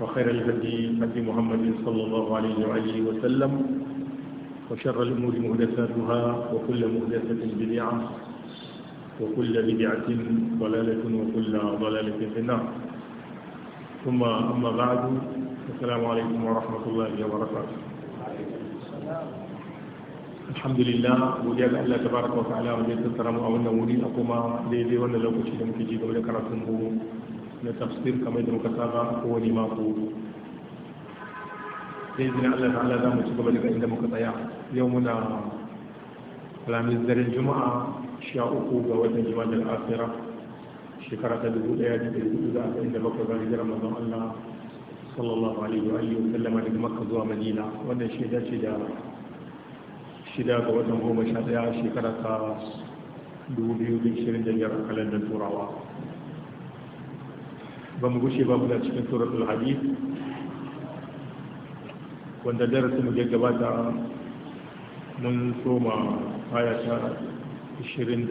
وخير الهدي هدي محمد صلى الله عليه وآله وسلم وشر الأمور مهدساتها وكل مهدسة بدعة وكل بدعة ضلالة وكل ضلالة في النار ثم أما بعد السلام عليكم ورحمة الله وبركاته الحمد لله وديال الله تبارك وتعالى وديال السلام أولنا ولي أقوما ليدي وانا لو كنت لم تجيب ولك رسمه لتفسير كما يدرو كتابة هو لما قول بإذن الله تعالى دام تقبل لك إلا مكتايا يومنا على مزدر الجمعة شاء أقوبة ودن جمال الآخرة شكرة لبو إيادي بإذن الله إلا بكر بإذن رمضان الله صلى الله عليه وآله وسلم على مكة ومدينة ودن شهداء شهداء شهداء ودن هو مشاهداء شكرة لبو بيو بيشرين ba mu gushe ba muna cikin suratul hadid wanda darasin mu gabata mun soma aya ta 25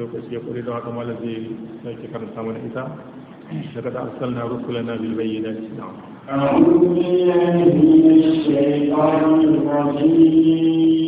lokaci ya kuri da haka malam zai sake karanta mana ita لقد أرسلنا رسلنا na نعم أعوذ بالله من الشيطان الرجيم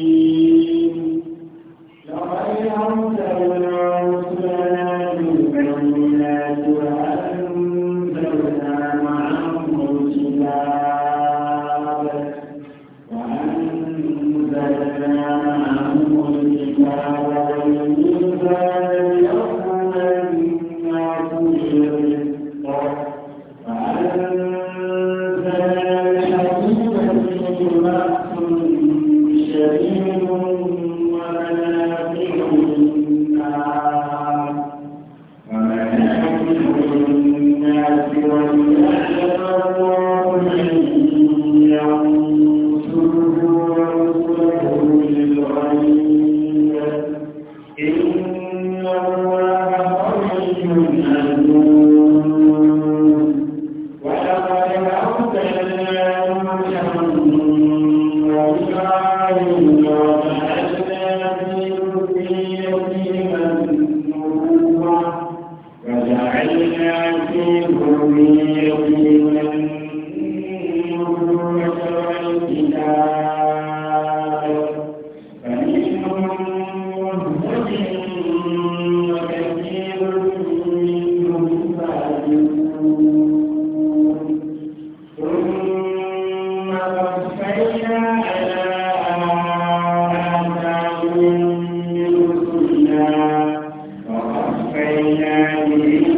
العالمين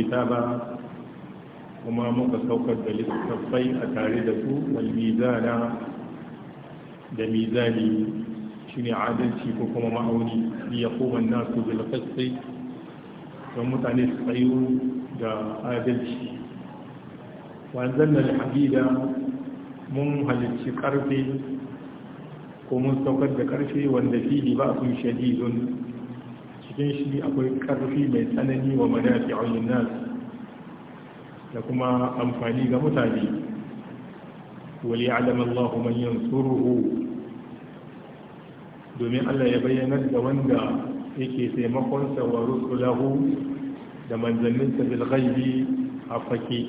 ba kuma muka saukar da littattafai a tare da su wal mizana da mizani shine adalci ko kuma ma'auni ya koma nasu bil qisti don mutane su tsayu da adalci wa anzalna mun halicci karfe ko mun saukar da karfe wanda fihi ba'sun shadidun cikin shi akwai ƙarfi mai tsanani wa madafi'un nas da kuma amfani ga mutane wali alama Allah manyan yansuruhu domin Allah ya bayyanar da wanda yake taimakonsa wa rusulahu da manzanninsa bil ghaibi a fake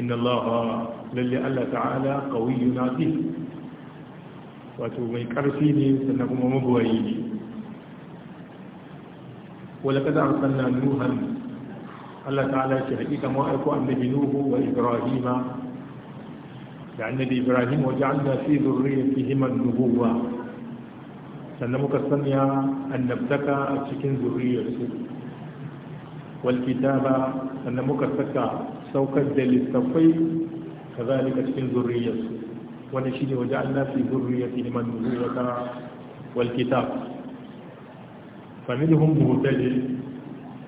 inna Allah lalle Allah ta'ala qawiyyun azim wato mai ƙarfi ne sannan kuma mabuwayi ne ولقد أرسلنا نوحا الله تعالى شهيدا مؤلف النبي نوح وإبراهيم يعني إبراهيم وجعلنا في ذريتهما النبوة سنمك الصنيع أن نبتكى أشكين ذريته والكتاب أن مكثكا سوك الدل كذلك أشكين ذريته ونشيد وجعلنا في ذريتهما النبوة والكتاب فمنهم مهتد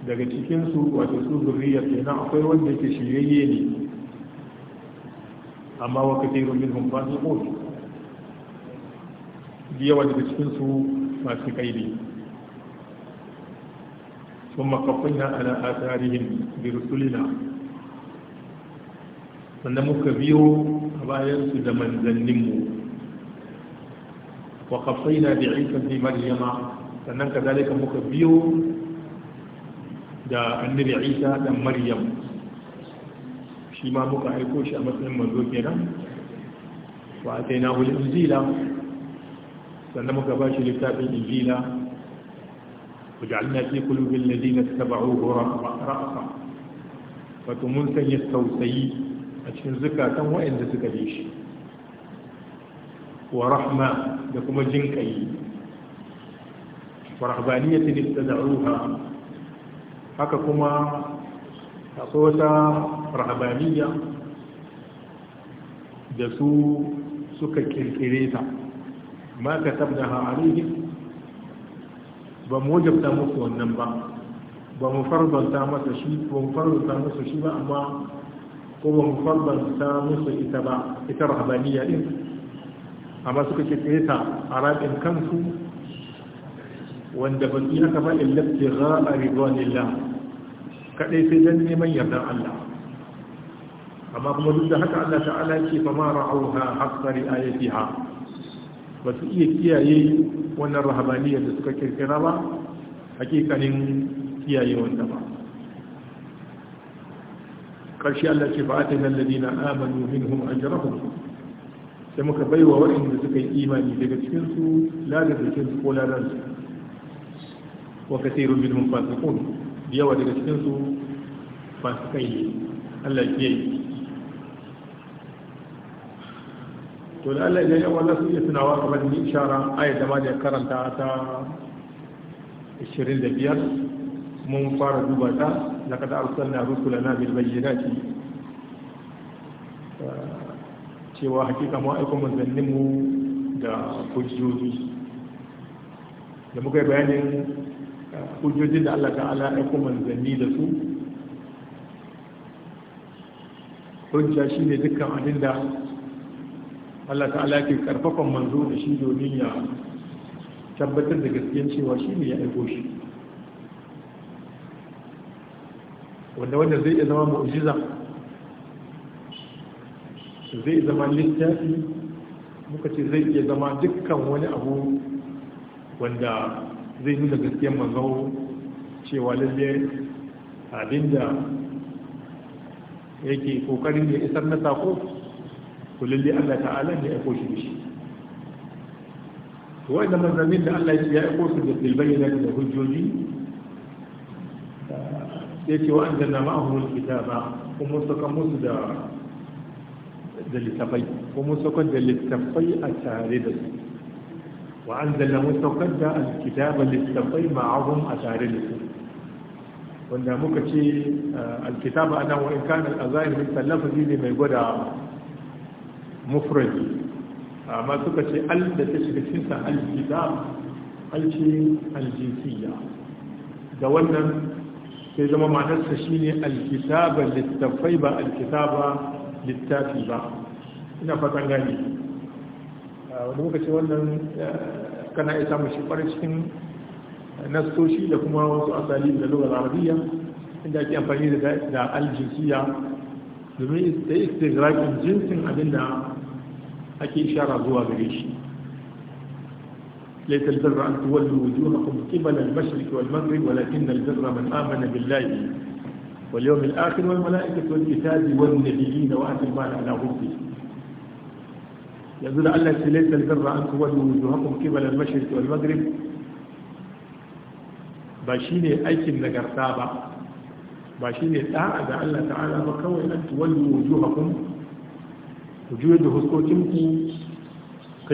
daga cikin su wato su zuriya kenan akwai wanda yake shiyayye ne amma wa kathirun minhum fasiqun yawa daga cikin su masu kaidi ثم قفينا على آثارهم برسلنا sannan muka biyo a bayansu da manzanninmu wa kafaina da isa bi maryama sannan ka kazalika muka biyo da annabi Isa dan Maryam shi ma muka aiko shi a matsayin manzo kenan wa ta ataina hul injila sannan muka ba shi littafin injila وجعلنا في قلوب الذين اتبعوه رأفا wato mun sanya tausayi a cikin zukatan waɗanda suka bi shi wa rahma da kuma jin warhabaniyatin ibtada'uha haka kuma akwai wata rahabaniya da su suka kirkire ta ma ka tabda ha'arihin ba mu wajabta musu wannan ba ba mu farbanta masa shi ba mu farbanta musu shi ba amma ko ba mu farbanta musu ita ba ita rahabaniya din amma suka kirkire ta a rabin kansu wanda ba su aka faɗin lafi a ridwanillah kaɗai sai don neman yardar Allah amma kuma duk da haka Allah ta'ala ce fa ma ra'auha haqqa ha, ba su iya kiyaye wannan rahabaniyya da suka kirkira ba hakikanin kiyaye wanda ba karshe Allah ce fa atana alladina amanu minhum ajrahum sai muka baiwa waɗanda suka yi imani daga cikinsu lalata ladar ko ladar wa kathirun minhum fasiqun yawa daga cikin su fasikai ne Allah ya yi to da Allah ya yi wannan su yana wa kamar ni ishara ayat da ma da karanta ta 25 mun fara duba ta laqad arsalna rusulana bil bayyinati cewa hakika mu aiko manzannin mu da hujjoji da muka yi bayanin hujjojin da Allah ta'ala ya aiko manzanni da su hujja shi ne dukkan abin da Allah ta'ala ke karfafan manzo da shi domin ya tabbatar da gaskiyar cewa shi ne ya aiko shi wanda wanda zai iya zama mu'jiza zai zama littafi muka ce zai iya zama dukkan wani abu wanda zai nuna gaskiyar manzo cewa lalle abinda yake kokarin ya isar na sako ku lalle Allah ta'ala ne ya aiko shi shi to wanda manzannin da Allah ya aiko su da bilbayyana da hujjoji sai ce wa anzalna ma'ahum alkitaba kuma saka musu da da littafai kuma saka da littafai a tare da su وأنزلنا مستقدا الكتاب للتقي معهم أشعر wanda muka ce alkitaba ana wa in kana al-azahir tallafazi ne mai gwada mufradi amma suka ce al da ta shiga cikin sa al ce al da wannan sai zama ma'anarsa shine al-kitaba littafai ba al-kitaba littafi ba ina fatan gani wani wannan kana isa samun shi kwarai cikin nasoshi da kuma wasu asali da lugar arabiya inda ake amfani da aljinsiya domin da istigrafin jinsin abinda ake ishara zuwa gare shi ليس البر أن تولوا وجوهكم قبل المشرق والمغرب ولكن البر من آمن بالله واليوم الآخر والملائكة والكتاب والنبيين وآتي المال على غربه yanzu da Allah ce laisa albirra an tuwallu wujuhakum qibala al-mashriq wal maghrib ba shine aikin nagarta ba ba shine da'a da Allah ta'ala ba kawai an tuwallu wujuhakum ku juye da huskokin ku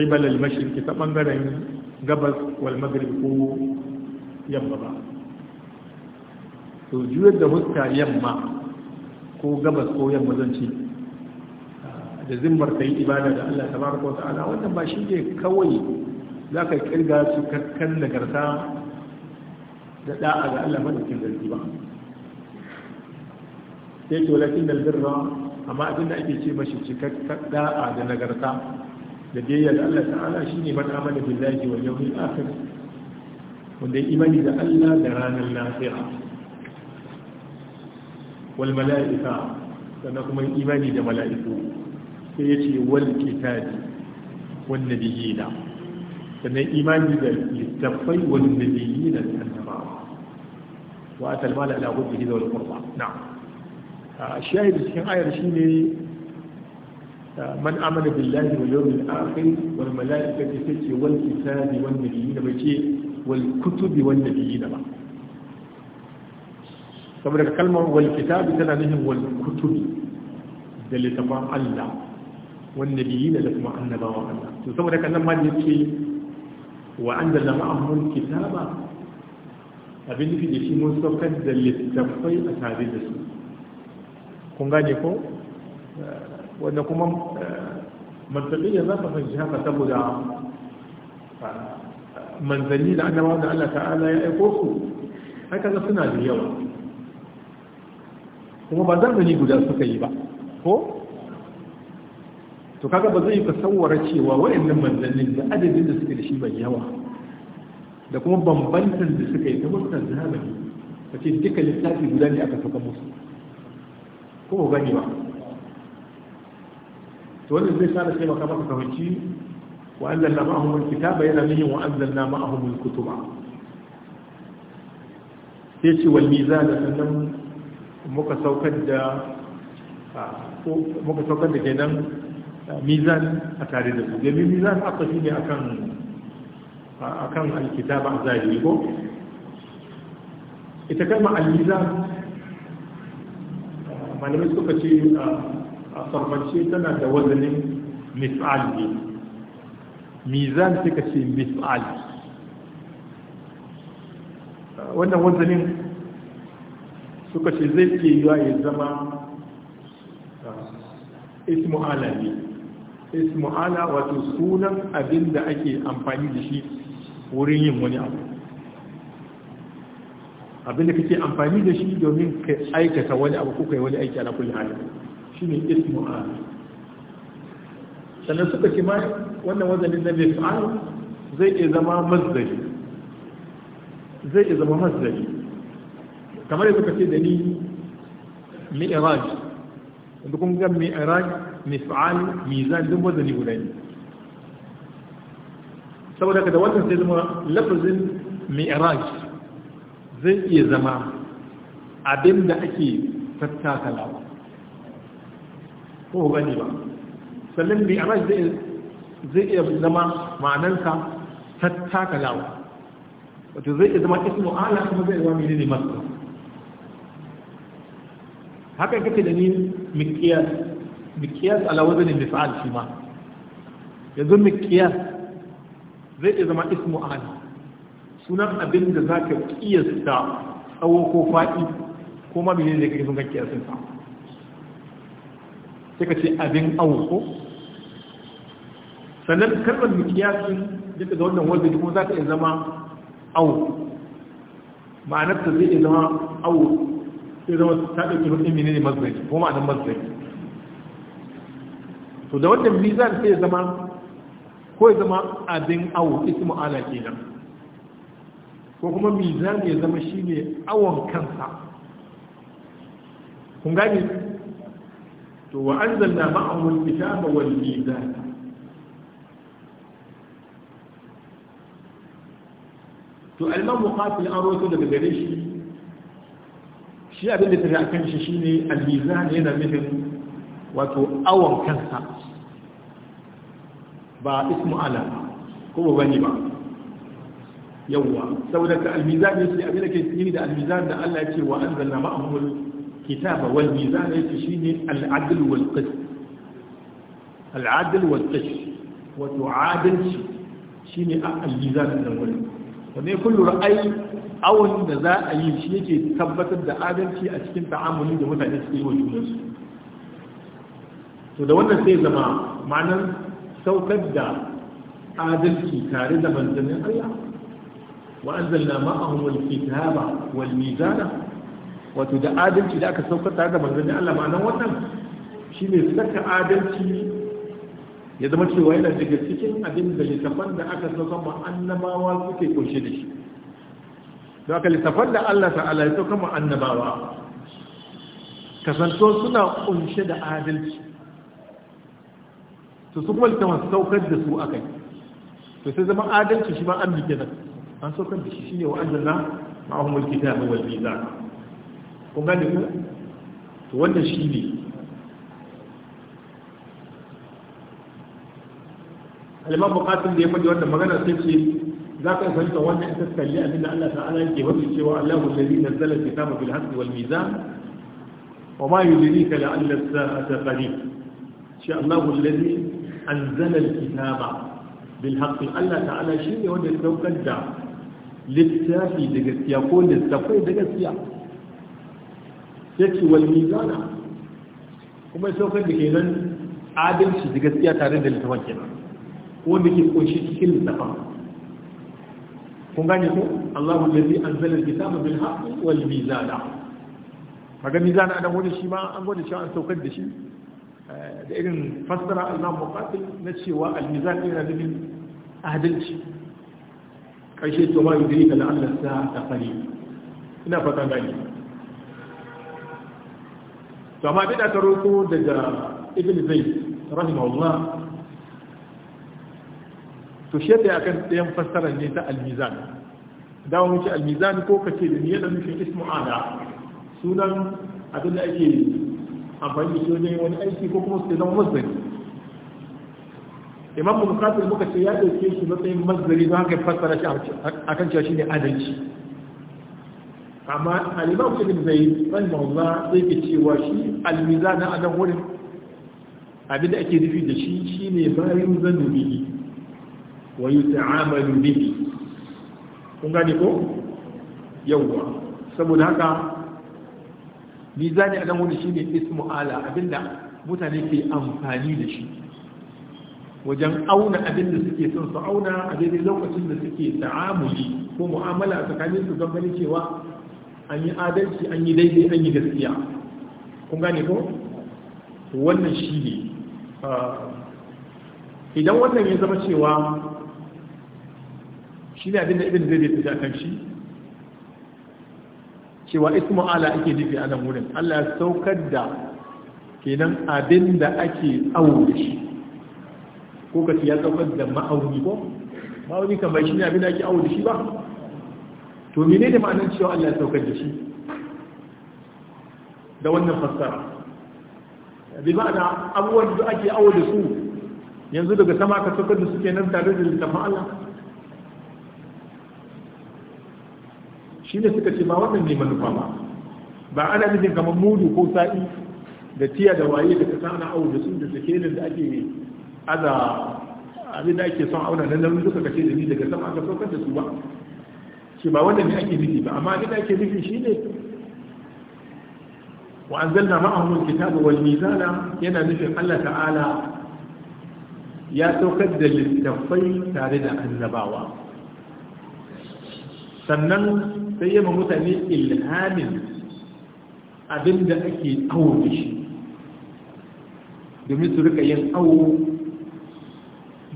qibala al-mashriq ta bangaren gabas wal maghrib ko yamma ba to juye da huska yamma ko gabas ko yamma zan ce da zimmar ta yi ibada da Allah tabaraka wa ta'ala wannan ba shi ne kawai za ka kirga su kakkan nagarta da da'a ga Allah madaukin zargi ba sai to lakin da birra amma abin da ake ce mashi cikakken da'a da nagarta da biyayya da Allah ta'ala shi ne man mana billahi wal yawmil akhir wanda imani da Allah da ranar lafiya wal mala'ika sannan kuma imani da mala'iku sai ya ce wal kitabi wal nabiyina sannan imani da littafai wal nabiyina da annabawa wa atal mala ala hubbihi wal qurba na'am الشاهد في آية شيني من آمن بالله واليوم الآخر والملائكة تتي والكتاب والنبيين بيتي والكتب والنبيين ما saboda kalmar walkitabi tana nufin walkutubi da littafin Allah wanda biyi da kuma annabawa Allah to saboda kan nan ma da yake wa anzalna ma'ahum kitaba abin nufi da shi mun saukar da littattafai a tare da su kun gane ko eh, wanda kuma eh, mantabiya za ka fahimci haka saboda eh, manzanni da annabawa da Allah ta'ala ya aiko su haka ga suna da yawa kuma ba zamani guda suka yi ba ko to kaga ba zai yi tasawwara cewa wayannan manzannin da adadin da suke da shi bai yawa da kuma bambantan da suka yi ta mutan zamani ka ce duka littafi guda ne aka saka musu ko ba gani ba to wannan zai sa da sai maka maka kawanci wa anzalna ma'ahum alkitaba yana nihin wa anzalna ma'ahum alkutuba sai ce wal mizan sannan muka saukar da muka saukar da kenan mizan a tare da su domin mizan aka shi ne alkita ba a zari ko ita kama al-mizan malamai suka ce a farmace tana da wazanin mis'al ne mizan suka ce mis'al wannan wazanin suka ce zai ke yiwa ya zama ismu alami ismu ala wato sunan abin da ake amfani da shi wurin yin wani abu abin da kake amfani da shi domin ka aikata wani abu ko kai wani aiki ala kulli hali shine ismu ala sannan suka ce ma wannan wazanin na mif'al zai iya zama mazdari zai iya zama mazdari kamar yadda kace da ni mi'raj wanda kun ga mi'raj mif'al mizan duk wazani guda ne saboda kada wannan sai zama lafazin mi'raj zai iya zama abin da ake tattakalawa ko gani ba sannan mi'raj zai iya zama ma'anansa tattakalawa wato zai iya zama ismu ala kuma zai zama ne masu haka kake da ni mikiyar mikiyas ala wazanin mif'al shi ma yanzu mikiyas zai iya zama ismu ahad sunan abin da za ka kiyasta tsawo ko faɗi ko ma menene ne kake son ka kiyasin sa sai ka ce abin awo ko sannan karɓar mikiyasin duka ga wannan wanda kuma za ka iya zama au ma'anarta zai iya zama au sai zama ta ɗauki hudun ne mazgari ko ma'anar mazgari to da wannan mizan sai zama ko ya zama abin awo ismu ala kenan ko kuma mizan ya zama shine awon kansa kun gani to wa anzalna ma'ahul kitaba wal mizan to alman muqatil an rawaito daga gare shi shi abin da tafi akan shi shine al-mizan yana nufin wato awon kansa ba ismu ala ko ba bane ba yawwa saboda ka almizan ne shi abin da ke yi da almizan da Allah ya ce wa anzalna ma'ahul kitaba wal mizan yake shine al-adl wal qist al-adl wal qist wato adalci shine al-mizan da wani wanne kullu ra'ayi awon da za a yi shi yake tabbatar da adalci a cikin ta'amuli da mutane suke yi wa junansu to da wannan sai zama ma'anar saukar da adalci tare da manzannin Allah wa anzalna ma'ahum al-kitaba wal mizana wato da adalci da aka saukar tare da manzannin Allah ma nan wannan shine saka adalci ya zama cewa yana daga cikin abin da littafan da aka sauka ma annabawa suke kunshe da shi don aka littafan da Allah ta'ala ya sauka ma annabawa kasantuwa suna kunshe da adalci to su kuma littafin saukar da su akai to sai zama adalci shi ma an bi kenan an saukar da shi shine wa anzalna ma'ahum alkitaba wal mizan Ko gane ku to wannan shine alimam bukatun da ya faɗi wannan magana sai ce za ka fahimta wannan ita kalli abinda Allah ta'ala yake wasu cewa Allahu allazi nazzala kitaba bil haqqi wal mizan wa ma yudrika la'alla as-sa'ata qarib shi Allahu allazi kitaba أنزل Allah بالحق الله تعالى شيء وده توقد littafi da gaskiya ko littafai da gaskiya yake wal mizana kuma saukar da kenan adalci da gaskiya tare da littafan kenan ko da ke kunshi cikin littafan kun gane ko Allahu allazi anzala al-kitaba bil haqqi wal mizana kaga mizana anan wani shi ma an gode cewa an saukar da shi Eh, da irin fassara Allah muqatil na cewa al-mizan yana nufin adalci ƙarshe to ma yudiri da Allah sa ta fari ina fata gani to amma da ta roko daga ibn zayd rahimahullah to shi da akan ɗayan fassara ne ta al-mizan dawo mu ce al-mizan ko kace da ni yana nufin ismu ala sunan abin da ake amfani da shi wajen wani aiki ko kuma su zama mazari imam bukatar muka ce ya ɗauke shi matsayin mazari don haka fassara shi a kan cewa shi ne adalci amma alimam shi ne zai ran maula zai ke cewa shi almiza na anan wurin abinda ake nufi da shi shi ne bayan zanu bihi wa yi ta'amalu bihi kun gane ko yawwa saboda haka mizani a wani shi ne ismu ala abinda mutane ke amfani da shi wajen auna abinda suke son su auna a daidai lokacin da suke ta'amuli ko mu'amala a tsakanin su don gani cewa an yi adalci an yi daidai an yi gaskiya kun gane ko wannan shi ne idan wannan ya zama cewa shi ne abinda ibin zai da kan shi cewa ismu ala ake nufi a nan wurin Allah ya saukar da kenan abin da ake aure shi ko kace ya saukar da ma'auni ko ma'auni kamar shi ne abin da ake aure shi ba to mene da ma'anar cewa Allah ya saukar da shi da wannan fassara bi ma'ana abubuwan da ake aure su yanzu daga sama ka saukar da suke nan tare da littafin Allah shi ne suka ce ba wannan ne manufa ma ba ana nufin kamar mudu ko sa'i da tiya da waye da kasa ana auna da sun da sakelin da ake aza abin da ake son auna nan nan duka kace da ni daga sama aka saukar da su ba shi ba wannan ne ake nufi ba amma abin da ake nufi shi ne wa anzalna ma'ahum alkitaba wal mizana yana nufin Allah ta'ala ya saukar da littafai tare da annabawa sannan sai yamma mutane ilhamin abinda ake awo da shi domin su rika yin awo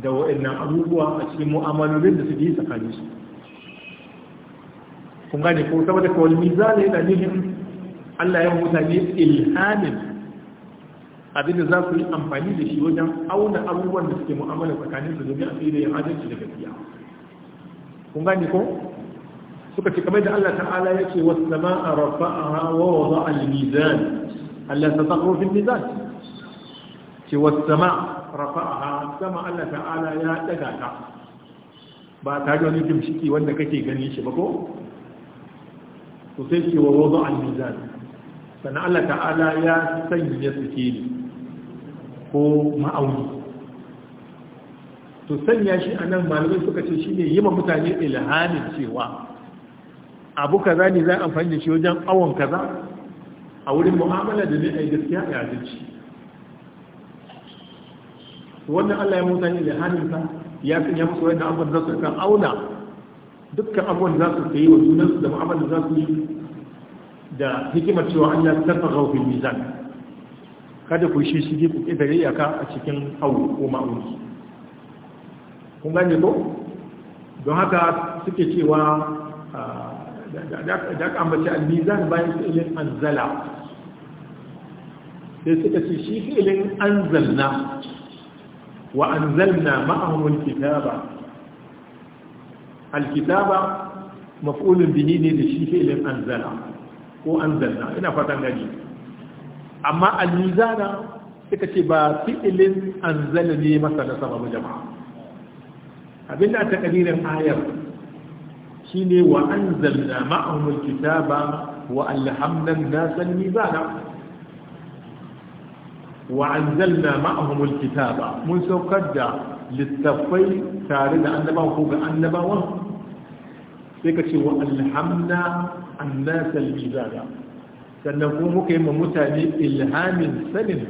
da wa'annan abubuwa a cikin mu'amalolin da su yi tsakani su kun gane ko saboda kawai ne da nihin Allah ya mutane ilhamin abinda za su yi amfani da shi wajen auna abubuwan da suke mu'amalar tsakanin su domin a tsaye da yin adalci da gaskiya kun gane ko suka ce kamar da Allah ta'ala ya ce wasu sama'a rafa'aha wa wada al-mizan Allah ta tsaro fil mizan ce wasu sama rafa'aha zama Allah ta'ala ya daga ta ba ta da wani dimshiki wanda kake ganin shi ba ko to sai ce wa wada al-mizan sannan Allah ta'ala ya sanya suke sikeli ko ma'auni to sanya shi a nan malamai suka ce shi ne yi ma mutane ilhamin cewa abu kaza ne za a amfani da shi wajen awon kaza a wurin mu'amala da zai a gaskiya a yadarci wannan allah ya mutane da hannunsa ya sanya musu wadda abubuwan za su kan auna dukkan abubuwan za su yi wa junansu da mu'amala za su yi da hikimar cewa allah sarfa gaufin mizan kada ku shi shige ku ƙetare iyaka a cikin awu ko ma'auni kun gane ko don haka suke cewa da aka ambaci al-mizan bayan fi'ilin anzala sai suka ce shi fi'ilin anzalna wa anzalna ma'ahum al-kitaba al-kitaba maf'ulun bihi ne da shi fi'ilin anzala ko anzalna ina fatan gaji amma al-mizana suka ce ba fi'ilin anzala ne masa na sababu jama'a abinda a takadirin ayar ne wa anzalna ma'ahum alkitaba wa alhamna an-nas al-mizana wa anzalna ma'ahum alkitaba mun saukar da littafai tare da annabawa ko ga annabawan sai ka ce wa alhamna an-nas al-mizana sannan ko muka yi ma mutane ilhamin sanin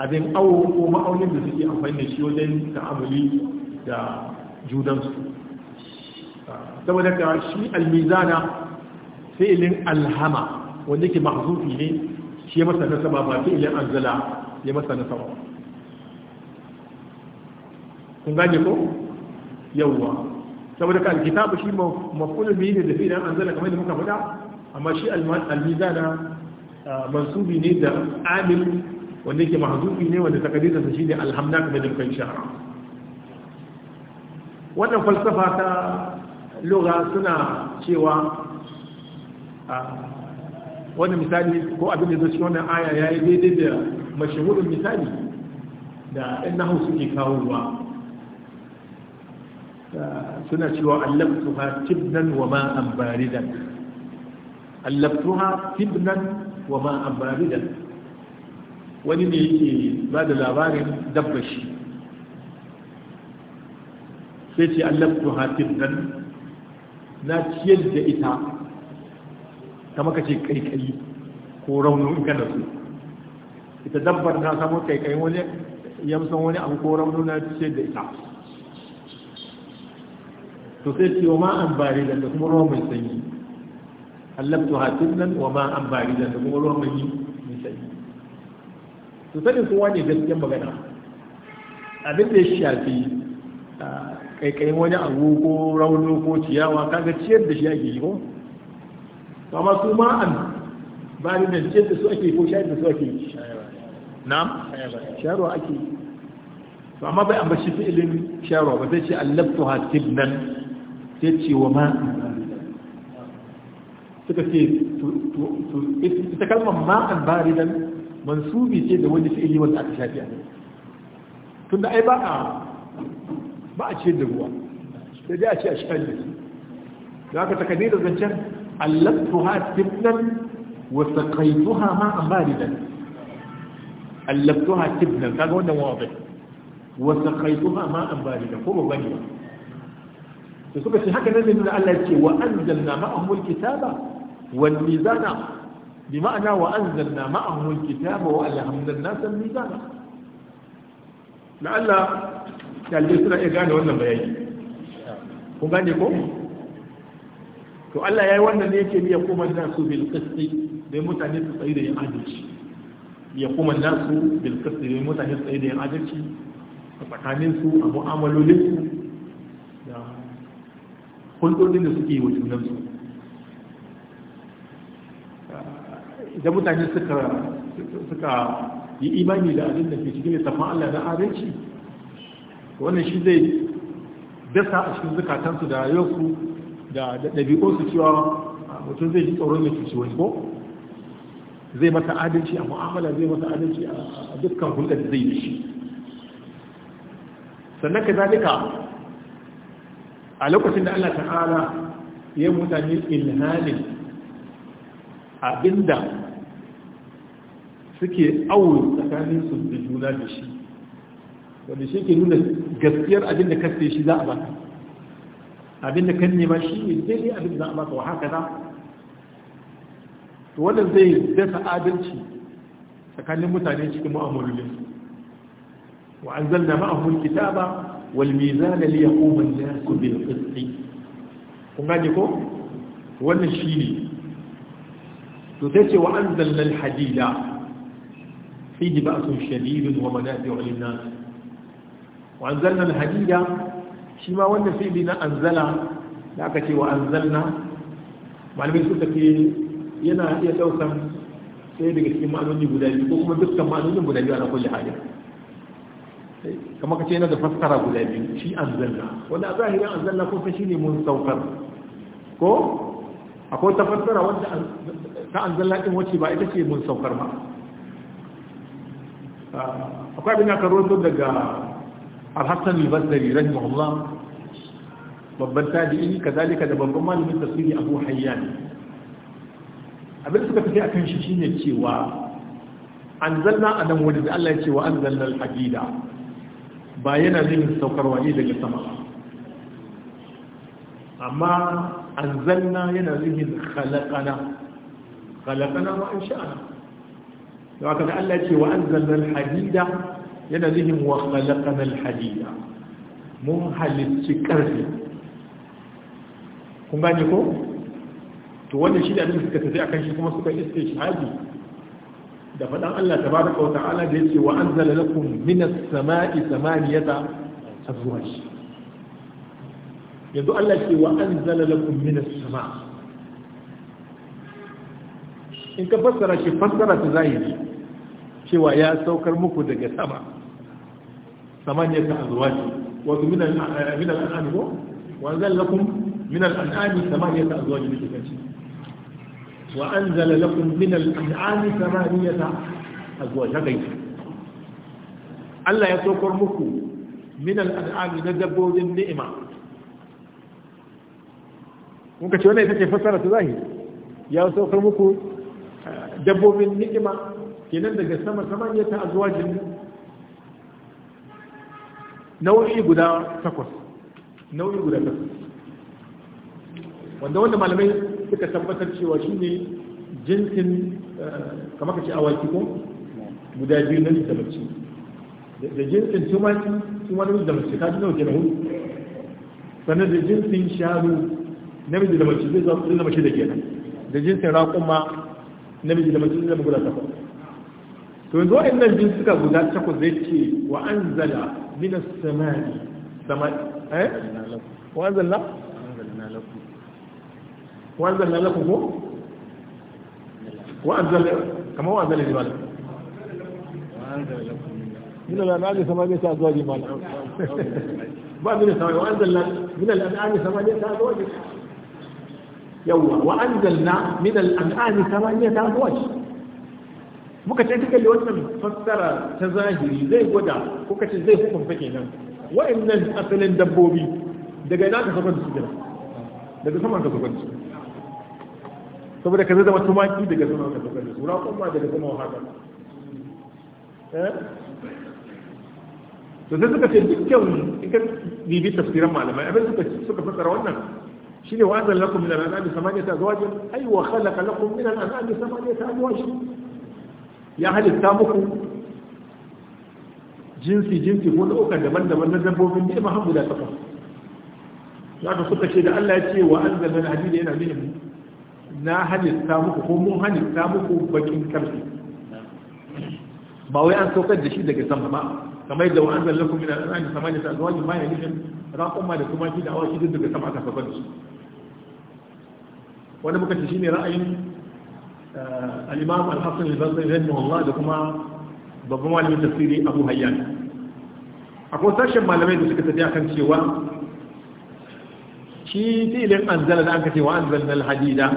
abin awo ko ma'aunin da suke amfani da shi wajen ta'amuli da judansu saboda ka shi almizana fi'ilin alhama wanda ke mahzufi ne shi ya masa nasaba ba fi'ilin anzala ya masa nasaba kun gane ko yawwa saboda ka alkitabu shi mafulun bihi ne da fi'ilin anzala kamar da muka faɗa amma shi almizana mansubi ne da amil wanda ke mahzufi ne wanda takadirsa shi ne alhamda kamar da muka yi shahara wannan falsafa ta lura suna cewa wani misali ko abin da zai wannan aya ya yi daidai da mashahurin misali da yan nahu suke kawo ruwa suna cewa allabtuha tibnan wa ma ma'an baridan allabtuha tibnan wa ma'an baridan wani ne yake ba da labarin dabbashi sai ce allabtuha tibnan na ciyar da ita kama ka ce kaikayi ko raunin in da su ita dabbar na samu kaikayi wani yamsan wani abu ko raunin na ciyar da ita to sai ce wa ma'an bari da kuma ruwan mai sanyi allabtu hatin nan wa ma'an bari da kuma ruwan mai sanyi to sanin kowa ne gaskiyan magana abin da ya shafi ah, kaikayin wani abu ko rauni ko ciyawa kaga ciyar da shi ake yi ko amma su ma an ba ni da ciyar da su ake ko shayar da su ake yi na shayarwa ake yi to amma bai ambaci fi'ilin shayarwa ba sai ce allabtu hatibnan sai ce wa ma suka ce ita kalmar ma'an baridan mansubi ce da wani fi'ili wanda aka shafi a tunda ai ba a ba a ciyar da ruwa sai dai a ce a shayar da su za ka takane da zancen allabtuha tibnan wa saqaituha ma'an baridan allabtuha tibnan kaga wannan wawa wa saqaituha ma'an baridan ko ba bane ba da suka ce haka nan ne nuna Allah ya ce wa anzalna ma'ahumul kitaba wal mizana بمعنى وأنزلنا معهم الكتاب وألهمنا الناس الميزان لعل dalibai suna iya gane wannan bayani ku gane ko to Allah ya yi wannan ne yake biya kuma su bil qisti da mutane su tsaye da yin adalci ya kuma su bil qisti da mutane su tsaye da yin adalci a tsakanin su a mu'amalolin su da hulɗoɗin da suke yi wa junan su idan mutane suka suka yi imani da abin da ke cikin littafin Allah na adalci wannan shi zai dasa a cikin zukatansu da yau da su cewa mutum zai ji tsoron ya cuci wani ko zai masa adalci a mu'amala zai masa adalci a dukkan hulɗar da zai yi shi sannan ka ka a lokacin da Allah ta'ala ya mutane ilhamin abinda suke awo tsakanin su da juna da shi wanda shi ke nuna gaskiyar abin da kafe shi za a baka abin da kan nema shi ne daidai abin da za a baka wa haka za to wannan zai dasa adalci tsakanin mutane cikin mu'amalolin wa anzalna ma'ahul kitaba wal mizana li yaquma an-nasu bil qist kun gane ko wannan shi ne to sai ce wa anzalna al-hadida fihi ba'sun shadidun wa manafi'u lin-nas wa anzalna al-hadida shi ma wannan fi'li na anzala da aka ce wa anzalna malamai suka ce yana iya daukan sai daga cikin ma'anoni guda biyu ko kuma dukkan ma'anonin guda biyu ana kulli hali kamar ka ce yana da fassara guda biyu shi anzalna wanda a zahirin anzalna ko shi ne mun saukar ko akwai ta fassara wanda ta anzalna din wace ba ita ce mun saukar ba akwai abin da ka roto daga al-hassan al-basri rahimahullah babban tabi'i kazalika da babban malamin tafsiri abu hayyan abin suka tafi akan shi shine cewa anzalna anan wani da Allah ya ce wa anzalna al-hadida ba yana nufin saukar ne daga sama amma anzalna yana nufin khalaqana khalaqana wa ansha'ana da haka da Allah ya ce wa anzalna al-hadida yana zihin wa khalaqanal hadiya mun halicci karfi kun gane ko to wanda shi da abin suka tafi akan shi kuma suka iske shahadi da faɗan Allah tabaraka wa ta'ala da yace wa anzala lakum minas sama'i samaniyata azwaj yanzu Allah ce wa anzala lakum minas sama' in ka fassara shi fassara ta zahiri cewa ya saukar muku daga sama ثمانية أزواج ومن من الأنعام هو وأنزل لكم من الأنعام ثمانية أزواج وأنزل لكم من الأنعام ثمانية أزواج هكذا Allah ya saukar muku min al'ami na dabbobin ni'ima. Muka ce wannan ita ce fassara ta zahiri, ya saukar muku dabbobin ni'ima kenan daga sama nau'i guda takwas nau'i guda takwas wanda wanda malamai suka tabbatar cewa shi ne jinsin eh, kamar kace awaki ko guda biyu na da mace da jinsin tumaki kuma namiji da mace kaji nawa kenan hudu sannan da jinsin shanu namiji da mace zai zama shi da kenan da jinsin raƙuma namiji da mace zai zama guda takwas to yanzu wa'annan jinsuka guda takwas zai ce wa an zala من السماء سماء ايه وانزلنا لكم وانزلنا لكم هو وانزل كما هو انزل لماذا من الانعام ثمانية ازواج مال بعد من السماء وانزلنا من الانعام ثمانية ازواج يوم وانزلنا من الانعام ثمانية ازواج muka ce kalli wannan fassara ta zahiri zai gwada kuka ce zai hukunta kenan wa'annan asalin dabbobi daga ina ka saukar da daga sama ka saukar saboda ka zama tumaki daga sama ka saukar da kuma raƙon daga sama wa haka eh? to sai suka ce dukkan in ka bibi tafsiran malamai abin suka suka fassara wannan shine wa lakum min al-anami samaniyata azwajin ay khalaqa lakum min al-anami samaniyata azwajin ya halitta muku jinsi jinsi ko nau'uka daban-daban na dabbobin ni'ima har guda takwas zaka suka ce da Allah ya ce wa anzalna hadida yana nuna na halitta muku ko mun halitta muku bakin karfi ba wai an saukar da shi daga sama ba kamar yadda wa'an zan lakum min al'ani samani ta zuwa ma ya nufin raƙon ma da kuma shi da awa shi duk daga sama aka saukar da shi wanda muka ce shi ne ra'ayin al-imam al-hasan al-basri da kuma babban malamin tafsiri abu hayyan akwai sashen malamai da suka tafi akan cewa shi filin anzala da aka ce wa anzalna al-hadida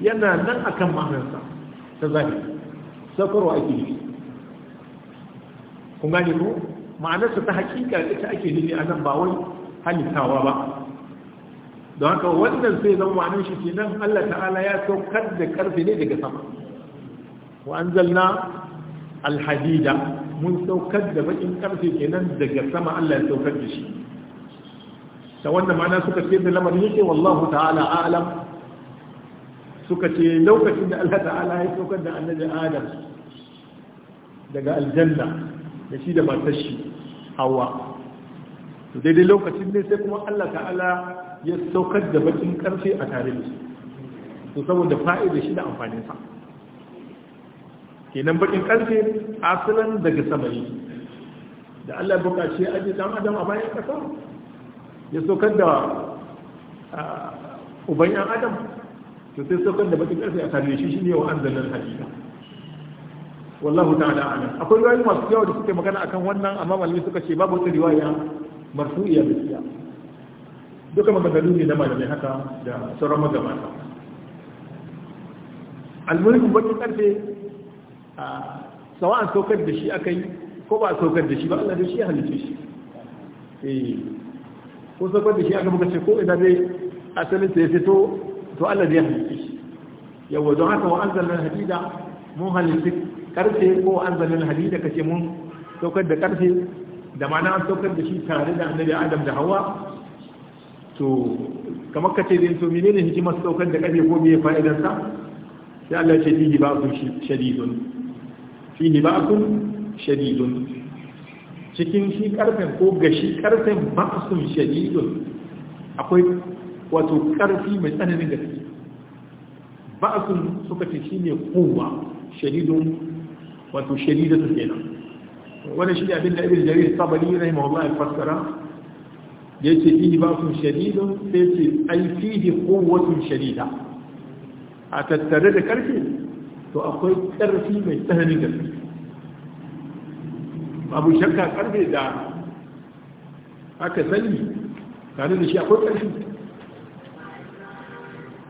yana nan akan ma'anarsa ta zahiri sakarwa ake nufi kun gane ko ma'anarsa ta hakika ita ake nufi a nan ba wai halittawa ba don haka wannan sai zan ma'anar shi kenan Allah ta'ala ya saukar da karfe ne daga sama wa anzalna alhadida mun saukar da bakin karfe kenan daga sama Allah ya saukar da shi ta wannan ma'ana suka ce da lamarin yake wallahu ta'ala alam suka ce lokacin da Allah ta'ala ya saukar da annabi Adam daga aljanna da shi da matar shi Hawwa to daidai lokacin ne sai kuma Allah ta'ala ya saukar da bakin karfe a tare da su to saboda fa'ida shi da amfanin sa kenan bakin karfe asalan daga sama ne da Allah bukaci aje dan adam a bayan kasa ya saukar da uban yan adam to sai saukar da bakin karfe a tare da shi shine wa anzalan hadida wallahu ta'ala alam akwai riwayoyi masu yawa da suke magana akan wannan amma malami suka ce babu wata riwaya marfu'iya gaskiya duka maganganu ne na malamai haka da sauran magabata almulkin bakin karfe a sawa'an saukar da shi aka yi ko ba a saukar da shi ba Allah da shi ya halice shi eh, ko saukar da shi aka muka ce ko idan zai asalin sai fito to Allah da ya halittu shi yau don haka wa anzalna hadida mun halittu karfe ko anzalna hadida kace mun saukar da karfe da ma'ana an saukar da shi tare da annabi Adam da Hawa? to kamar ka ce din to menene hikimar saukar da kafe ko biye fa'idar sa sai Allah ce fihi ba'sun shadidun fihi ba'sun shadidun cikin shi karfen ko ga shi karfen ba'sun shadidun akwai wato karfi mai tsananin gaske ba'sun suka ce ne kowa shadidun wato shadidatu kenan wannan shi ne abin da Ibn Jarir Tabari rahimahullah ya fassara ya ce fihi ba sun shadidun sai ce ai fihi kowatun shadida a tattare da ƙarfi to akwai ƙarfi mai tsananin gaske babu shakka karfe da aka sani tare da shi akwai karfi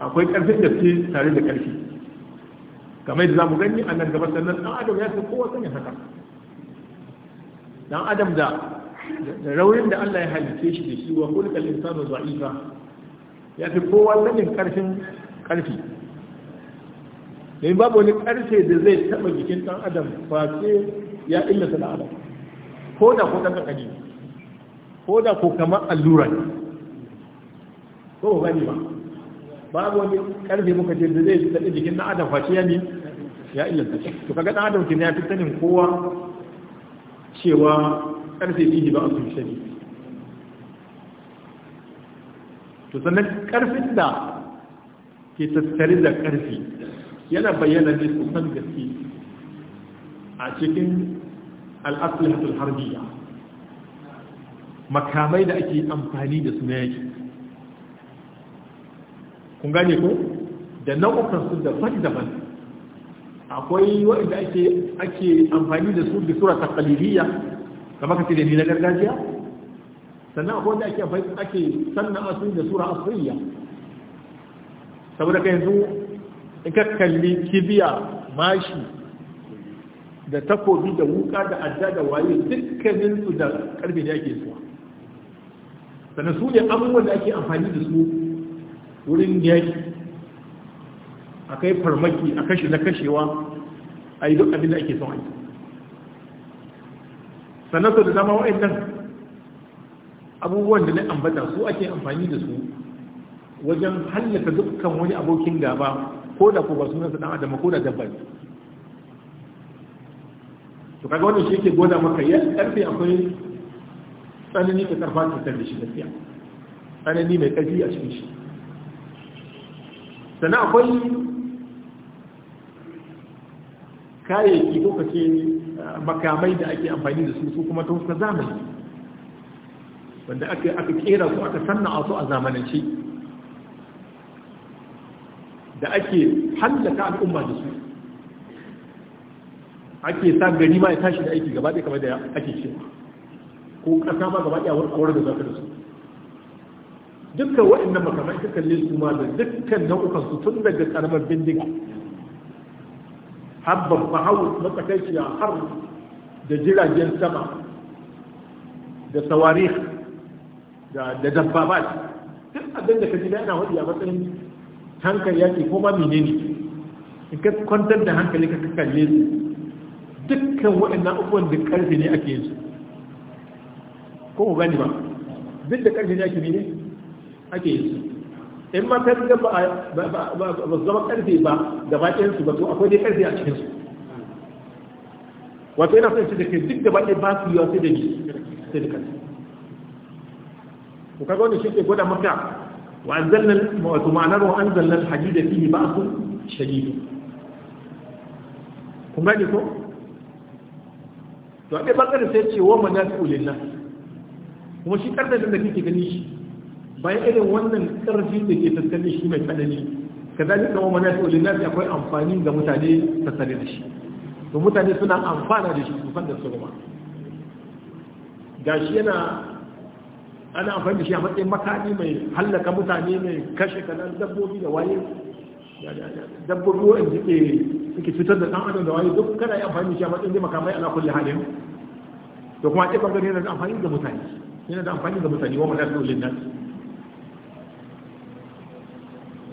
akwai karfin gaske tare da ƙarfi kamar da za mu gani a nan gaba sannan ɗan adam ya fi kowa ya haka ɗan adam da da raunin da Allah ya halice shi da shi wa kulkal insanu za'ifa ya fi kowa sanin karfin karfi don babu wani karfe da zai taba jikin dan adam ba ce ya illa da adam ko da ko dan kakani ko da ko kama allura ne ko ba gani ba babu wani karfe muka ce da zai taba jikin dan adam face ya ne ya illata to kaga dan adam ke ne ya fi sanin kowa cewa karfe fihi ba su shari to sannan karfin da ke tattare da karfi yana bayyana ne kusan gaske a cikin al'aslihatul harbiya makamai da ake amfani da su na yaki kun gane ko da nau'ukan su daban-daban akwai waɗanda ake amfani da su da sura taqalidiyya kamar ka ce na gargajiya sannan akwai wanda ake ake sannan asu da sura asriya saboda ka yanzu in ka kalli kibiya mashi da takobi da wuka da adda da waye dukkanin su da karfe da ake suwa sannan su ne abubuwan da ake amfani da su wurin yaki a kai farmaki a kashe na kashewa a yi duk abin da ake son aiki sannan su da dama wa'annan abubuwan da na ambata su ake amfani da su wajen hallaka dukkan wani abokin gaba ko da ko ba sunan nasa dan adam ko da dabba ne to kaga wannan shi yake goda maka yan karfe akwai tsanani ka karfa ka tarbi shi gaskiya tsanani mai karfi a cikin shi sannan akwai kayayyaki ko kace ah, makamai da ake amfani da su su kuma ta wasu zamani wanda aka aka kera su aka sanna a su a zamanance da ake hallaka al'umma da su ake sa gari ma ya tashi da aiki gaba ɗaya kamar da ake cewa ko ƙasa ma gaba ɗaya warkawar da zaka da su dukkan waɗannan makamai ka kalle su ma da dukkan nau'ukan su tun daga karamar bindiga habban bahawus matsakaiciya har da jiragen sama da sawari da dabbabat duk abin da ka ji yana wadi a matsayin hankali yaki ko ma menene in ka kwantar da hankali ka kalle su dukkan waɗannan abubuwan da ƙarfi ne ake yin su ko mu gani ba duk da ƙarfi ne ake ne ake yin su in ma ka ba su zama karfe ba gaba ɗayan su ba to akwai dai karfe a cikin su wato yana son shi da ke duk gaba ɗaya ba su yiwa sai da ni sai da kai ku kaga wani shi ke gwada maka wa anzalna wato ma'anar wa anzalna al-hadida fihi ba'su shadid kun gane ko to a ɗaya bangaren sai ce wa manafi'u lillah kuma shi karfe da kike gani shi bayan irin wannan ƙarfi da ke tattali shi mai tsanani ka zaɓi kama wani nasu olin nasu akwai amfani ga mutane tattali da shi to mutane suna amfana da shi kusan da suruma ga shi yana ana amfani da shi a matsayin makani mai hallaka mutane mai kashe kanan dabbobi da waye dabbobi wa'in ke suke fitar da ɗan adam da waye duk kana yi amfani da shi a matsayin makamai ala kulli halin to kuma a ce ɓangare yana da amfani ga mutane yana da amfani ga mutane wa mutane olin nasu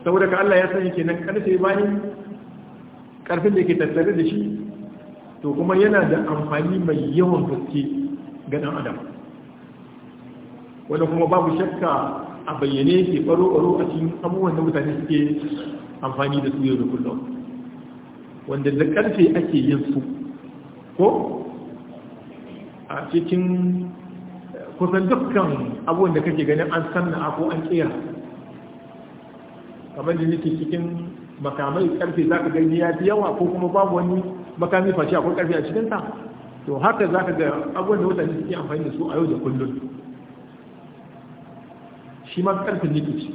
saboda ka Allah ya sani kenan karfe bayan karfin da ke tattare da shi to kuma yana da amfani mai yawan gaske ga dan adam wanda kuma babu shakka a bayyane ke faro a cikin abubuwan da mutane suke amfani da su yau da kullum wanda da karfe ake yin su ko a cikin kusan dukkan abubuwan da kake ganin an sanna ko an tsira kamar da nake cikin makamai karfe za ka gani ya fi yawa ko kuma babu wani makami fashi akwai karfe a cikinta. to haka za ka ga abubuwan da mutane suke amfani da su a yau da kullum shi ma karfin nake ciki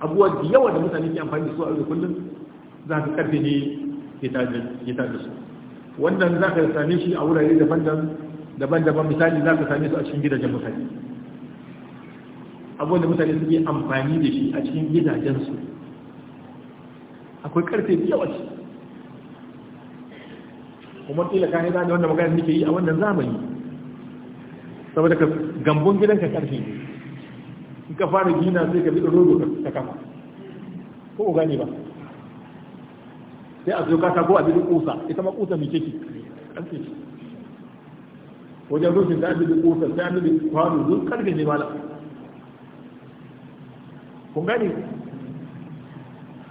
abubuwa da yawa da mutane ke amfani da su a yau da kullum za ka karfe ne ya da su wannan za ka same shi a wurare daban-daban misali za ka same su a cikin gidajen mutane abubuwan da mutane suke amfani da shi a cikin gidajensu akwai karfe yawa ce kuma kila ka zane wanda magana nike yi a wannan zamani saboda ka gambon gidanka karfe ne in ka fara gina sai ka biɗin rodo ta kafa ko ku gane ba sai a zo kasa ko a biɗin kusa ita ma kusa mai ciki karfe wajen rufin da an biɗin kusa sai an biɗin kwano zuwa karfe ne malam kun gani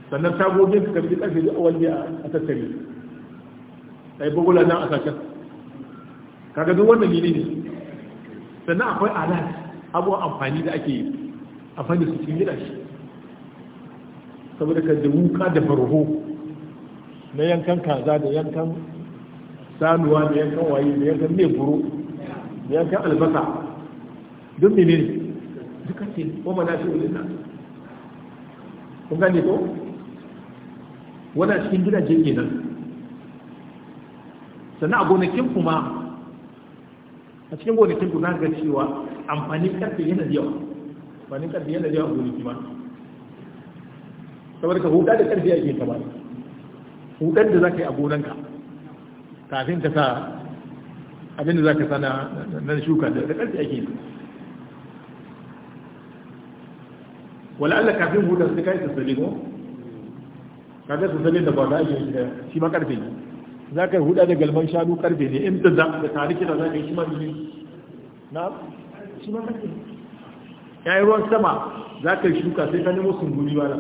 sannan tagogin su karfi ƙarfi da awal ne a A yi bugula nan a sakan kaga duk wannan ne ne sannan akwai alat abuwa amfani da ake yi a fannin su cikin shi. saboda ka da wuka da farho na yankan kaza da yankan sanuwa da yankan waye da yankan mai da yankan albasa duk ne ne duka ce kuma na shi nasu. kun gane ko wannan cikin jirgin kenan sannan a gonakin kuma a cikin gonakin ku na ga cewa amfanin karfe yana da yawa amfanin karfe yana da yawa gonaki ma saboda ka huda da karfe ake ta ba hudar da za ka yi a gonanka kafin ka sa abin da za ka sa na shuka da karfe ake yi wala'alla kafin hudar sai kai sassale ko kafin sassale da ba a yi shi ma karfe ne za ka huda da galman shanu karfe ne in da za da tariki da za ka yi shi ma ne na shi ma karfe yi ruwan sama za ka yi shuka sai ka nemo guri wala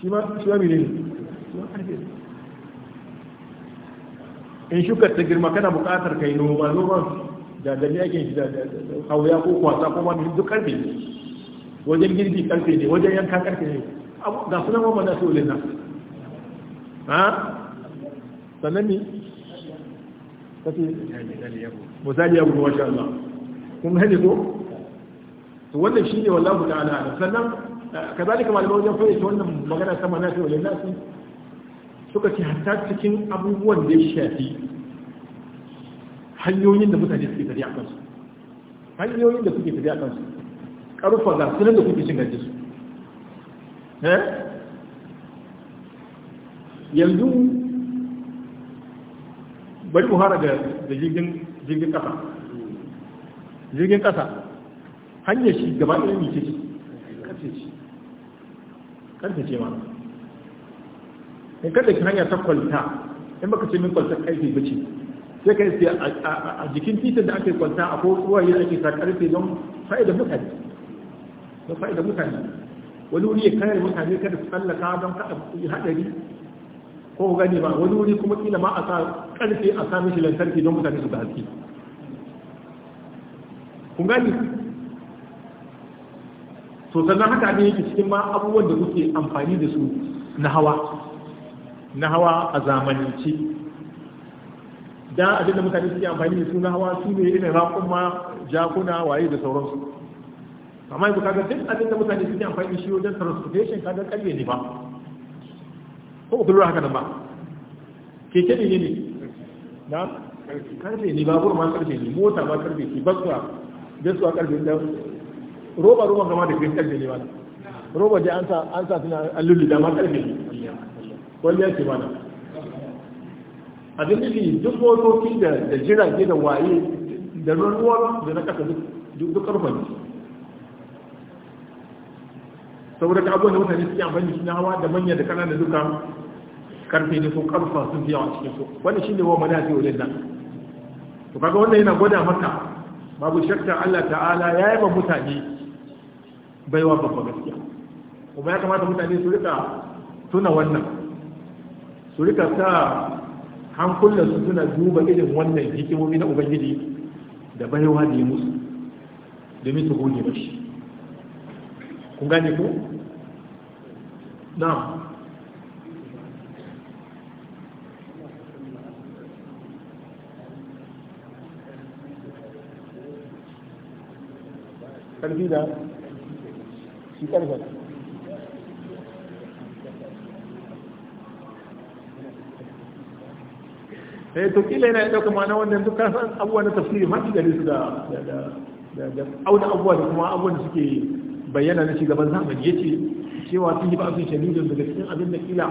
shi ma shi ma ne shi ma in shuka ta girma kana buƙatar kai noma noman da dalilin ake shi da hauya ko kwasa ko wani duk karfe ne wajen girbi karfe ne wajen yanka karfe ne ga sunan wamma na solin nan ha sannan ne kace misali ya gudu masha Allah kun hade ko to wannan shine ala ala sannan ka eh, kazalika malamai wajen fayyace wannan magana sama na su na su? suka ce hatta cikin abubuwan da ya shafi hanyoyin da mutane suke tafiya kansu hanyoyin da suke tafiya kansu ƙarfa ga sunan da kuke cin gaji su eh? yanzu bari mu hara da jirgin kasa ƙasa jirgin ƙasa hanyar shi gaba ɗaya mai ce ƙarfe ce ma in kada ki hanya ta kwalta in baka ce min kwalta karfe ba ce sai ka yi a jikin titin da ake kwalta a ko yi ake sa ƙarfe don fa'ida mutane don da mutane wani wuri ya kare mutane kada su tsallaka don kada su haɗari ko gani ba wani wuri kuma kila ma a sa ƙarfe a sa mishi lantarki don mutane su da haske kun gani to sannan haka ne yake cikin ma abubuwan da kuke amfani da su na hawa na hawa a zamanance da abin da mutane suke amfani da su na hawa su ne irin raƙon ma jakuna waye da sauransu amma yanzu kaga duk abin da mutane suke amfani da shi wajen transportation kaga kalbe ne ba ko ku lura haka nan ba keke ne ne na karfe ne babur ma karfe ne mota ma karfe ce basuwa basuwa karfe da roba roba gama da kai karfe ne ba roba dai an sa an sa allulli da ma karfe ne wallahi ce ba na abin jiki duk motoci da jirage da waye da ruwan da na kasa duk karfe ne saboda ka abuwa da mutane suke amfani da na hawa da manya da kanana duka karfe ne ko karfa sun fi yawa cikin su wani shi ne wa mana ce wajen nan to kaga wannan yana gwada maka babu shakka Allah ta'ala ya yi ma mutane baiwa babba gaskiya kuma ya kamata mutane su rika tuna wannan su rika sa hankulan su suna duba irin wannan hikimomi na ubangiji da baiwa da yi musu domin su goge mashi kun gane ko na'am karfi da shi karfa eh to kila yana ɗauka ma'ana wannan duk ka san abubuwa na tafsiri ma su da da da auna abubuwa kuma abubuwan da suke bayyana na shugaban zamani yace cewa fihi ba su shadidun daga cikin abin da kila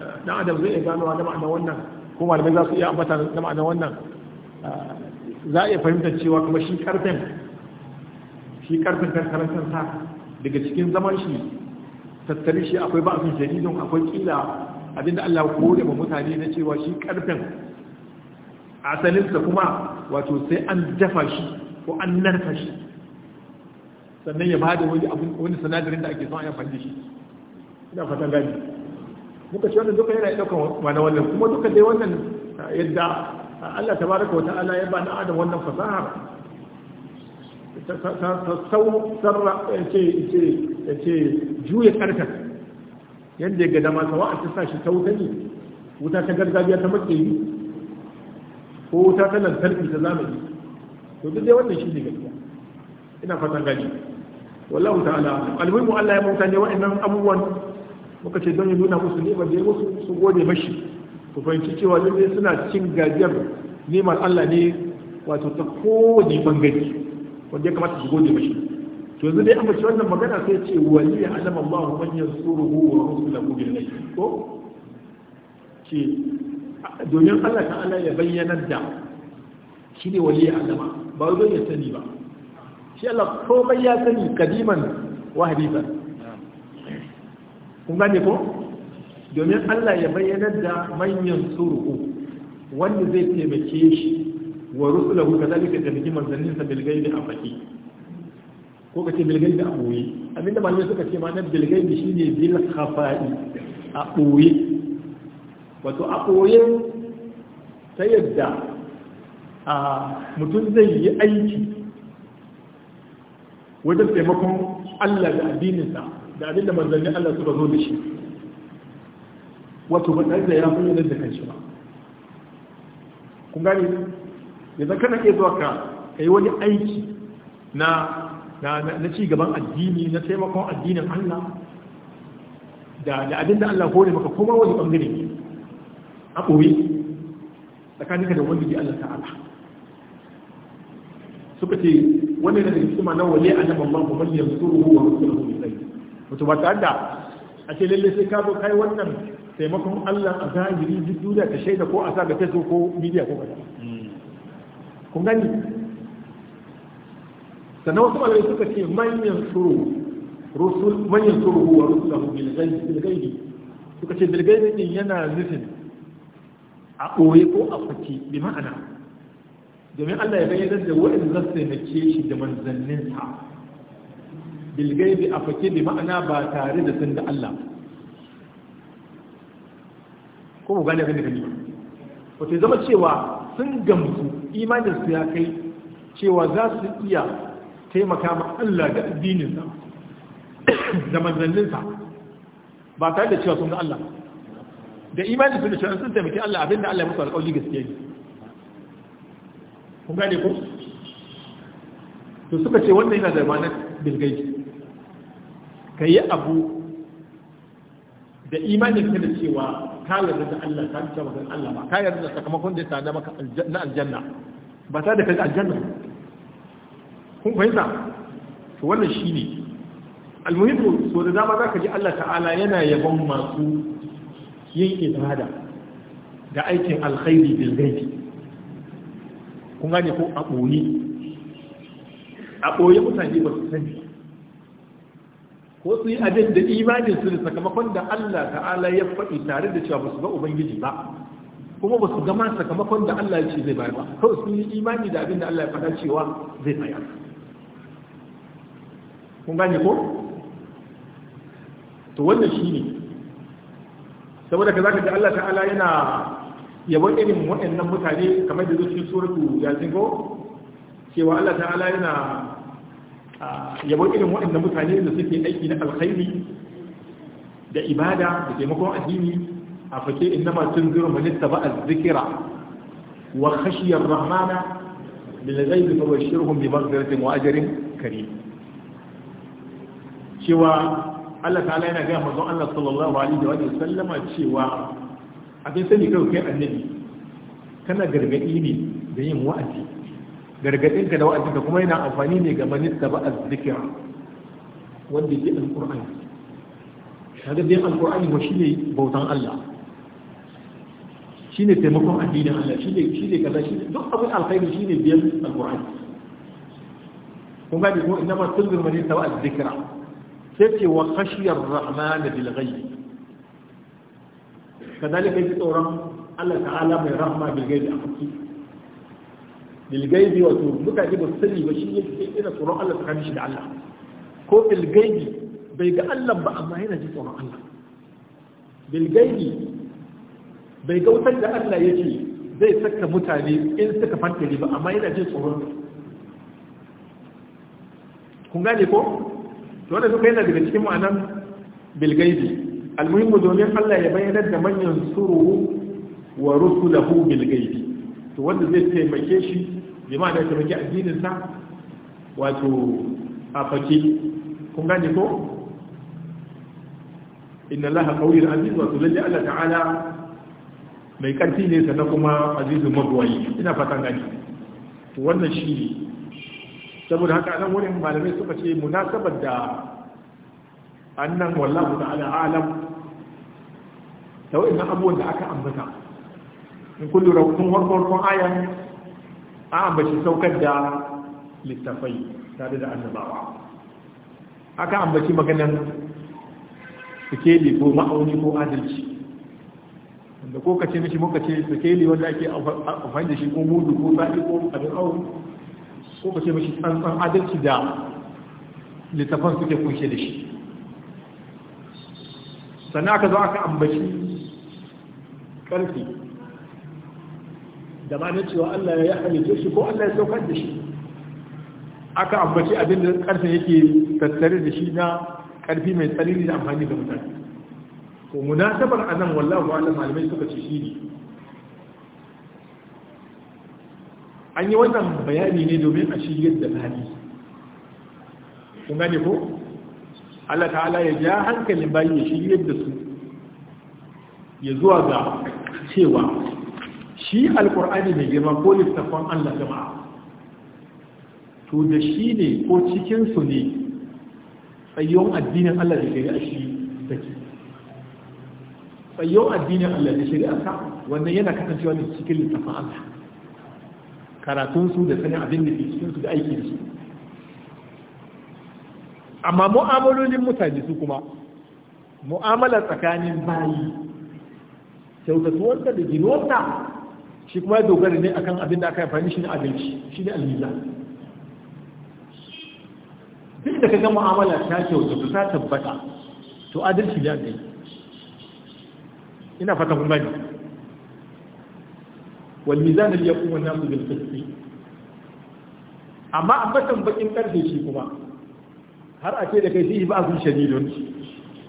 eh, dan adam zai iya ganowa da ma'anar wannan ko malamai za su iya ambata da ma'ana wannan eh, za a iya fahimtar cewa kuma shi karfin shi karfin karkarantar sa daga cikin zaman shi tattali shi akwai ba su shadidun akwai kila abin da Allah kore ma mutane na cewa shi karfin asalinsa kuma wato sai an dafa shi ko an narka shi sannan ya ba da wani sinadarin da ake son ya fadi shi ina fatan gani muka ce wannan duka yana ɗaukan wani wannan kuma duka dai wannan yadda Allah ta tabaraka wa ta'ala ya ba na adam wannan fasahar sarra ce ya ce juya karkar yadda ya ga dama sawa a ta sa shi ta wuta ne wuta ta gargajiya ta makeyi ko wuta ta lantarki ta zamani to duk dai wannan shi ne gaskiya ina fatan gani wallahu ta'ala almuhimu Allah ya mutane wa'annan abubuwan muka ce don yi nuna musu ne da yawa su gode mashi ku fahimci cewa lalle suna cin gajiyar neman Allah ne wato ta kowane bangare wanda ya kamata su gode mashi to yanzu dai amince wannan magana sai ce wali ya alama Allah man yansuruhu wa rusulahu bil ghaib ko ce domin Allah ta'ala ya bayyana da shi ne wali ya alama ba zai ya sani ba shi Allah komai ya sani kadiman wa hadisan kun gane ko domin Allah ya bayyanar da manyan suruhu wanda zai taimake shi wa rusulahu kazalika taimaki manzannin sa bil gaibi a faki ko kace bil gaibi a boye da malamai suka ce ma na bil gaibi shine bil khafa'i a boye wato a boye ta yadda a mutum zai yi aiki wajen taimakon Allah da addininsa da abin da manzannin Allah suka zo da shi wato ba ɗan da ya fi yanar da kanshi ba kun gane yanzu kana ke zuwa ka yi wani aiki na na ci gaban addini na taimakon addinin Allah da da abin da Allah kore maka kuma wani bangare ne a ɓoye tsakaninka da wani ji Allah ta'ala suka ce wannan da hikima na wali kuma Allah man ruwa wa rasuluhu min sai wato ba ta da a ce lalle sai ka zo kai wannan taimakon Allah a zahiri duk duniya ta shaida ko a sa ga ko media ko kaza kun gani sannan wasu malamai suka ce manyan suru rusul manyan suru wa rusuluhu bil ghaib bil ghaib suka ce bil ghaib din yana nufin a ɓoye ko a fake bi ma'ana domin Allah ya bayyana da wurin za su shi da manzanninsa bi, a fake bi ma'ana ba tare da sun da Allah ko mu gane abin da ba? wato zama cewa sun gamsu imanin su ya kai cewa za su iya taimaka ma Allah da addininsa da manzanninsa ba tare da cewa sun ga Allah da imanin su da cewa sun taimaki Allah abinda Allah ya musu alƙawari gaskiya ne kun gane ko to suka ce wannan yana da ma'anar bilgai ka yi abu da imanin ka da cewa ka yarda da Allah ka yarda da Allah ba ka yarda da sakamakon da ya sada maka na aljanna ba ta da kai aljanna kun fahimta to wannan shine almuhimmu so da dama ka ji Allah ta'ala yana yabon masu yin ibada da aikin alkhairi bil kun gane ko a ɓoye a ɓoye mutane ba su sani ko su yi abin da imanin su da sakamakon da Allah ta'ala ya faɗi tare da cewa ba su ga Ubangiji ba kuma ba su gama sakamakon da Allah ya ce zai bayar ba kawai sun yi imani da abin da Allah ya faɗa cewa zai bayar kun gane ko to wannan shine saboda ka zaka ga Allah ta'ala yana yabon irin waɗannan mutane kamar da zuci suratu ya zingo cewa Allah ta'ala yana yabon irin waɗannan mutane da suke aiki na alkhairi da ibada da taimakon addini a fake innama tunziru man ittaba'a zikira wa khashiya ar-rahmana bil ghaibi fabashshirhum bi maghfiratin wa ajrin kare. cewa Allah ta'ala yana gaya manzon Allah sallallahu alaihi wa sallama cewa abin sani kawai kai annabi kana gargaɗi ne da yin wa'azi gargaɗin ka da wa'azi ka kuma yana amfani ne ga manista ba a zikira wanda ke alƙur'ani kaga dai alƙur'ani wa shine bautan Allah shine taimakon addinin Allah shine shine kaza shine duk abin alkhairi shine biyan alƙur'ani kun gane ko ina ma tunzir manista ba a zikira sai ce wa khashiyar rahman bil ghaib kadalika ji tsoron Allah ta'ala mai rahama bil gaibi a wato mutane ba su sani ba shi ne ke tsoron Allah tsakanin da Allah ko bil bai ga Allah ba amma yana ji tsoron Allah bil bai ga da Allah yake zai saka mutane in suka fantare ba amma yana jin tsoron kun gane ko to wanda suka yana daga cikin ma'anan bil Almuhimu domin Allah ya bayyana da manyan suru wa rusulahu bil gaibi to wanda zai taimake shi bi ma da taimake addinin sa wato a kun gane ko inna Allah ta'ala mai karfi ne sannan kuma azizun mabwayi ina fatan gani wannan shi saboda haka nan wurin malamai suka ce munasabar da annan wallahu ta'ala alam da wa'annan abubuwan da aka ambata in kun lura tun farkon an ambaci saukar da littafai tare da annabawa aka ambaci maganar sikeli ko ma'auni ko adalci da ko kace mishi muka ce sikeli wanda ake amfani da shi ko mudu ko sa'i ko abin aure ko kace mishi tsantsan adalci da littafan suke kunshe da shi sannan aka zo aka ambaci ƙarfi da ma'anar cewa Allah ya halitta shi ko Allah ya saukar da shi aka ambaci abin da ƙarfin yake tattare da shi na ƙarfi mai tsanani da amfani da mutane ko munasabar anan wallahu alam malamai suka ce shi ne an yi wannan bayani ne domin a shi yadda hali kun gane ko Allah ta'ala ya ja hankalin bayi ya yadda su ya zuwa ga cewa shi alkur'ani mai girma ko littafin Allah jama'a to da shi ne ko cikinsu ne tsayon addinin Allah da shari'a shi take tsayon addinin Allah da shari'a ta wannan yana kasancewa ne cikin littafin Allah karatunsu da sanin abin da ke cikinsu da da su amma mu'amalolin mutane su kuma mu'amala tsakanin bayi kyautatuwarta da ginuwarsa shi kuma ya dogara ne akan abin da aka yi fahimci na abinci shi ne alhiza duk da kaga mu'amala ta kyautatu ta tabbata to adalci ne aka ina fata kuma ne wal mizan al yaqum an nasu bil qist amma ambatan bakin karfe shi kuma har a ce da kai shi ba su shadidun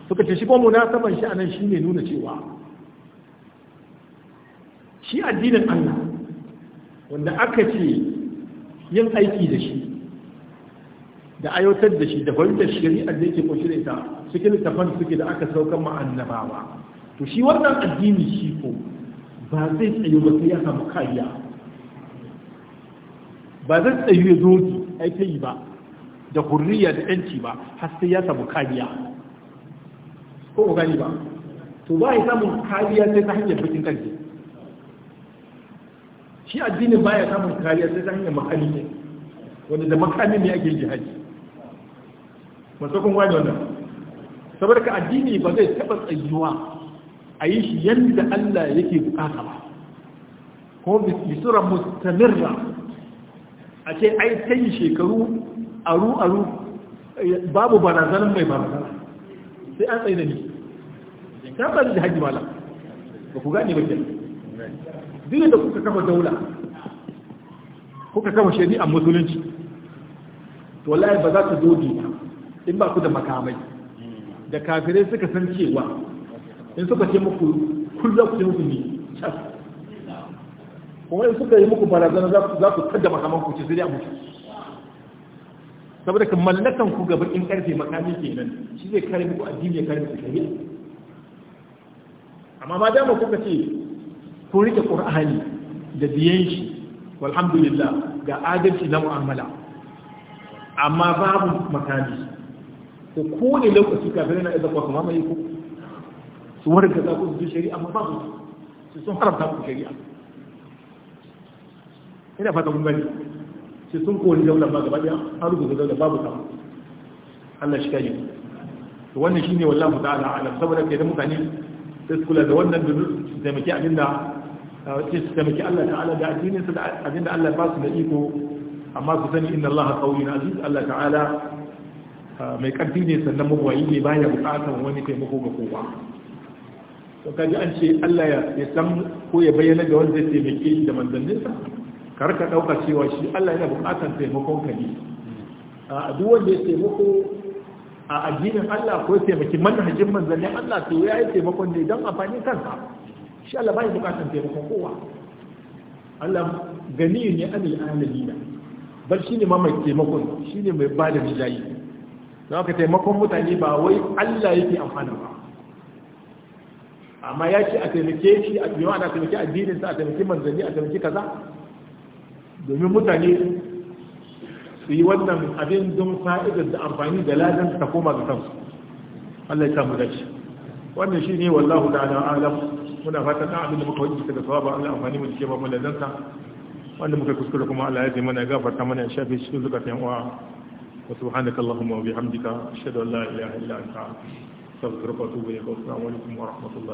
suka ce shi ko munasaban shi anan shine nuna cewa shi addinin Allah wanda aka ce yin aiki da shi da ayotar da shi da fahimtar shari'ar da yake kunshi da ita cikin littafan suke da aka saukan ma'annabawa to shi wannan addini shi ko ba zai tsayo ba sai ya samu kariya ba zai tsayo ya zo aiki ba da hurriya da yanci ba har sai ya samu kariya ko gani ba to ba ya samu kariya sai ta hanyar bikin kanki shi addini baya samun kariya sai ta hanyar makami ne wanda da makami ne ake jihadi masakon wani wannan saboda ka addini ba zai taɓa tsayuwa a yi shi yadda Allah yake bukata ba ko bisura mustamirra a ce ai ta yi shekaru aru aru babu barazanar mai barazana sai an tsaye da ni ta ba da jihadi malam ba ku gane ba kenan duk da kuka kama daula kuka kafa shari'ar musulunci to wallahi ba za ta doge in ba ku da makamai da kafirai suka san cewa in suka ce muku kullum ku ce muku ni kuma in suka yi muku barazana za ku kada makaman ku ce sai dai abu saboda kan mallakan ku gaba in karfe makami kenan shi zai kare muku addini ya kare muku shari'a amma ma dama kuka ce kun rike qur'ani da biyan shi walhamdulillah ga adalci na mu'amala amma babu makami ko ko ne lokaci kafin na idan kuma mai ku su warka za ku su shari'a amma babu su sun haramta ku shari'a ina fata mun gani sai sun kori daular ba gaba daya an rubuta daular babu ta Allah shi kaji to wannan shine wallahi ta'ala alam saboda kai da mutane sai kula da wannan da su taimaki abinda wace su taimaki Allah ta'ala da addinin su da abinda Allah ba su da iko amma su sani inna Allah qawiyyun aziz Allah ta'ala mai karfi ne sannan mabwayi ne baya bukatan wani taimako ga kowa to kaji an ce Allah ya san ko ya bayyana ga wanda zai taimake da manzanninsa kar ka dauka cewa shi Allah yana bukatan taimakon ka ne a duk wanda ya taimako a addinin Allah ko ya taimaki manhajin manzannin Allah to ya yi taimakon ne don amfanin kansa shi Allah bai bukatar taimakon kowa Allah gani ne amil alamina bal shine ma mai taimakon shine mai ba da mijayi don haka taimakon mutane ba wai Allah yake amfana ba amma ya ce a taimake shi a biyo ana taimake addinin sa a taimake manzanni a taimake kaza domin mutane su yi wannan abin don fa'idar da amfani da ladan ta koma ga kansu Allah ya samu dace wannan shine wallahu ta'ala alam muna fatan dan abin da muka wajibi daga sawaba Allah amfani mu dake ba mu ladansa wanda muka kuma Allah ya ji a gafarta mana ya shafe shi zukatan yan uwa wa subhanaka allahumma wa bihamdika ashhadu an la ilaha illa anta astaghfiruka wa atubu ilayk wa assalamu alaikum wa rahmatullahi